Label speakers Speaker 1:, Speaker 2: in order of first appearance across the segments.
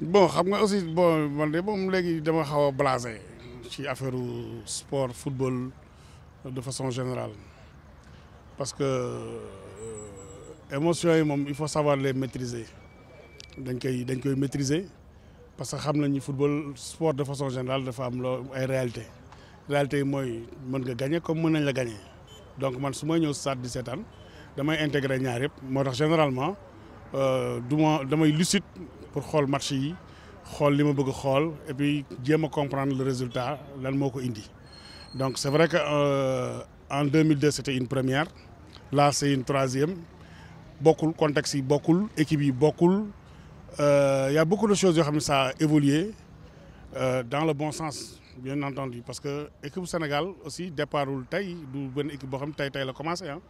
Speaker 1: bon xam nga aussi bon de moom léegi dama xaw blasé ci affaire sport football de façon générale parce que euh, émotions il faut savoir les maîtriser Il faut dañ les maîtriser parce que le le football sport de façon générale est une réalité. La réalité réalité que mooy mën nga comme mën nañ la donc je suis may à stade 17 ans, damay intégré ñaar la moo généralement je euh, suis lucide pour marcher, match yi ce que je et puis comprendre le résultat lan indi donc c'est vrai que euh, en 2002 c'était une première là c'est une troisième Beaucoup contexte beaucoup équipe yi il euh, y a beaucoup de choses qui ont évolué euh, dans le bon sens bien entendu parce que équipe Sénégal aussi le départ, du benn équipe a commencé hein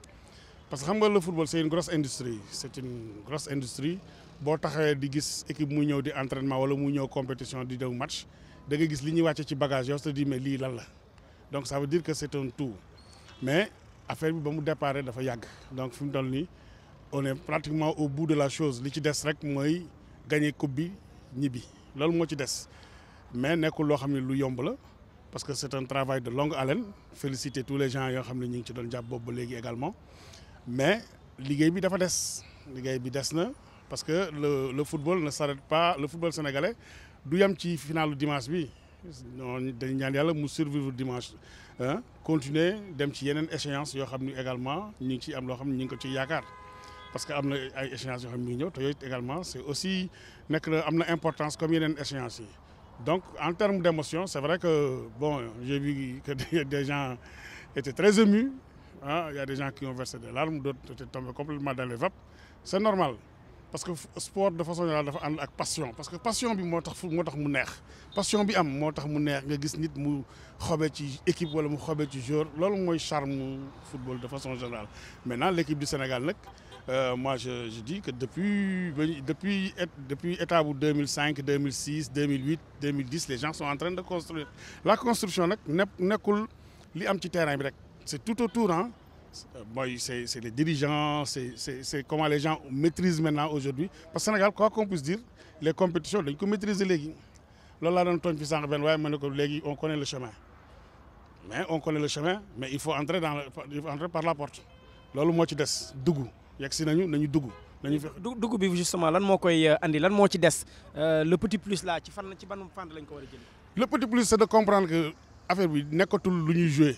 Speaker 1: parce que xam le football c'est une grosse industrie c'est une grosse industrie Quand tu di équipe d'entraînement ñëw di entraînement compétition di daw match da nga gis li qui ci bagage tu te di mais lan donc ça veut dire que c'est un tout mais affaire bi ba mu départ dafa yàgg donc fi on est pratiquement au bout de la chose Ce qui est rek mooy gagner coupe bi C'est ce qui ci mais nekkul loo xam lu parce que c'est un travail de longue haleine féliciter tous les gens qui ont fait un travail ci également mais ligue bi dafa dess liggéey bi dess na parce que le le football ne s'arrête pas le football sénégalais du yam ci du dimanche bi non dañ ñaan yalla mu survivre dimanche hein continuer dem ci yenen échéance yo xamni également ñu ci am lo xamni ni ngi ko ciy parce que amna ay échéances yo xamni ni ñëw également c'est aussi nek na am importance comme yenen échéances yi donc en termes d'émotion c'est vrai que bon j'ai vu que des gens étaient très émus Hein, il y a des gens qui ont versé des larmes, d'autres étaient tombés complètement dans les vapes. C'est normal. Parce que le sport, de façon générale, dafa une passion. Parce que passion bi moo tax passion bi am moo tax mu neex nga gis nit mu xobee ci équipe wala mu C'est ci joueur loolu football de façon générale. Maintenant l'équipe du Sénégal euh, moi je, je dis que depuis depuis depuis 2005 2006 2008 2010 les gens sont en train de construire la construction li terrain c'est tout autour hein. Euh, c'est les dirigeants, c'est comment les gens maîtrisent maintenant aujourd'hui. Parce que Sénégal, quoi qu'on puisse dire, les compétitions, ils peuvent maîtriser les on connaît le chemin. Mais on connaît le chemin, mais il faut entrer, dans, il faut entrer par la porte. C'est ce qui est Dougou. Nous Dougou. c'est bi justement lan mo koy euh, andi lan mo ci euh, le petit plus là ci ci lañ ko jël le petit plus c'est de comprendre que affaire bi nekkatul lu jouer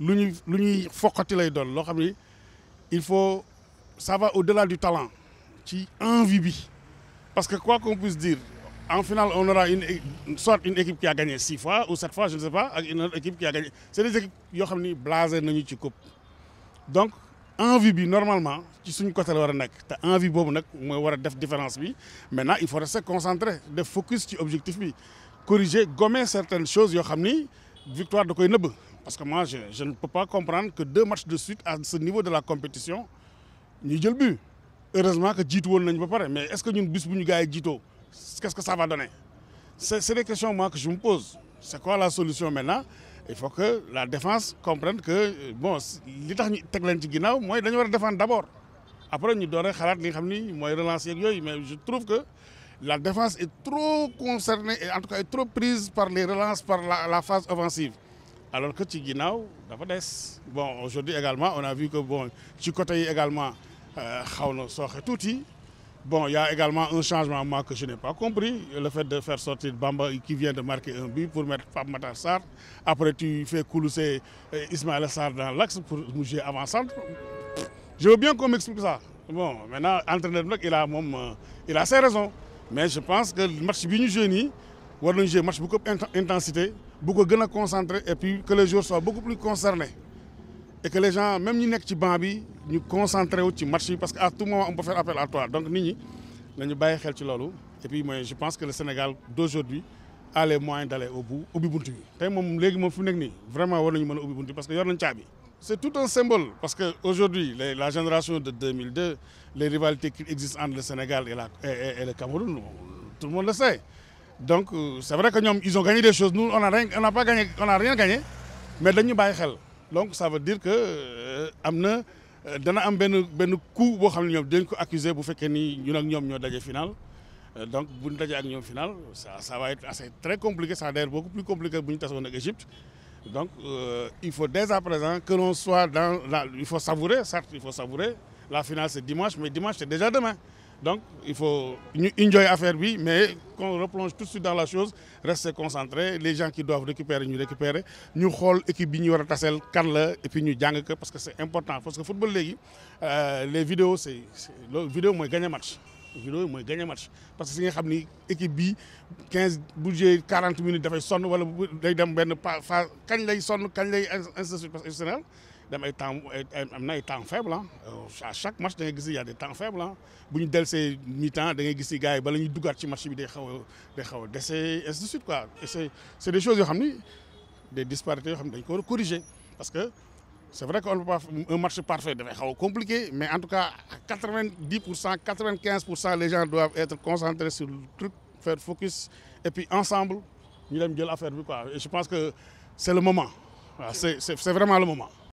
Speaker 1: lu ñuy lu lay il faut ça va au-delà du talent ci envie bi parce que quoi qu'on puisse dire en finale on aura une soit une équipe qui a gagné six fois ou sept fois je ne sais pas une équipe qui a gagné c'est des équipes yo xam ni nañu ci coupe donc envie bi normalement ci suñu côté la wara a nekk envie bobu nak moy wara def différence bi maintenant il faut rester concentré de focus ci objectif bi corriger gommer certaines choses yo xamni victoire da koy neub parce que moi, je, ne peux pas comprendre que deux matchs de suite à ce niveau de la compétition, nous le but. Heureusement que Jito n'a pas parlé. Mais est-ce que nous avons gagné Jito Qu'est-ce que ça va donner C'est les questions moi, que je me pose. C'est quoi la solution maintenant Il faut que la défense comprenne que, bon, l'État en moi, il doit défendre d'abord. Après, nous devons relancer les Mais je trouve que la défense est trop concernée, en tout cas est trop prise par les relances, par la phase offensive alors que tu es. bon aujourd'hui également on a vu que bon tu également euh, xaw bon il y a également un changement que je n'ai pas compris le fait de faire sortir Bamba qui vient de marquer un but pour mettre Fab Matar après tu fais coulisser euh, Ismaël Sarr dans l'axe pour bouger avant-centre je veux bien qu'on m'explique ça bon maintenant entraîneur de il a euh, il a ses raisons mais je pense que le match bi ñu joué nii match intensité beaucoup et puis que les gens soient beaucoup plus concernés et que les gens même si nous ci banc bi ñu concentré match parce qu'à tout moment on peut faire appel à toi donc nit ñi nañu xel ci et puis je pense que le Sénégal d'aujourd'hui a les moyens d'aller au bout vraiment war c'est tout un symbole parce que aujourd'hui la génération de 2002 les rivalités qui existent entre le Sénégal et, et le Cameroun tout le monde le sait donc euh, c'est vrai qu'ils ont gagné des choses nous on rien on n'a pas gagné rien gagné mais dañu bàyyi xel donc ça veut dire que y avons un coup pour accuser bu euh, donc si nous avons ak la final ça va être très compliqué ça va être beaucoup plus compliqué bu nous Égypte donc euh, il faut dès à présent que l'on soit dans il faut savourer certes il faut savourer la finale c'est dimanche mais dimanche c'est déjà demain donc, il faut enjoy affaire, oui, mais qu'on replonge tout de suite dans la chose, rester concentré. Les gens qui doivent récupérer, nous récupérer. Nous regardons l'équipe, nous regardons là et puis nous gagnons parce que c'est important. Parce que le football, euh, les vidéos, c'est Les vidéo, moi, gagner match. vidéo mooy gagné match parce que si nga que l'équipe équipe bi 15, budget 40 minutes dafay sonn wala ou dem benn phase kañ lay sonne, kañ lay parce que il y temps am temps faible hein. euh, à chaque match il y a des temps faibles ah bu ñu des mi-temps da ngay gis ci xaw de suite c'est c'est des choses yo xamni des disparités yo xamni corriger parce que c'est vrai qu'on ne peut pas un match parfait Il compliqué mais en tout cas 90-95% les gens doivent être concentrés sur le truc faire focus et puis ensemble ñu dem fait affaire et je pense que c'est le moment c'est vraiment le moment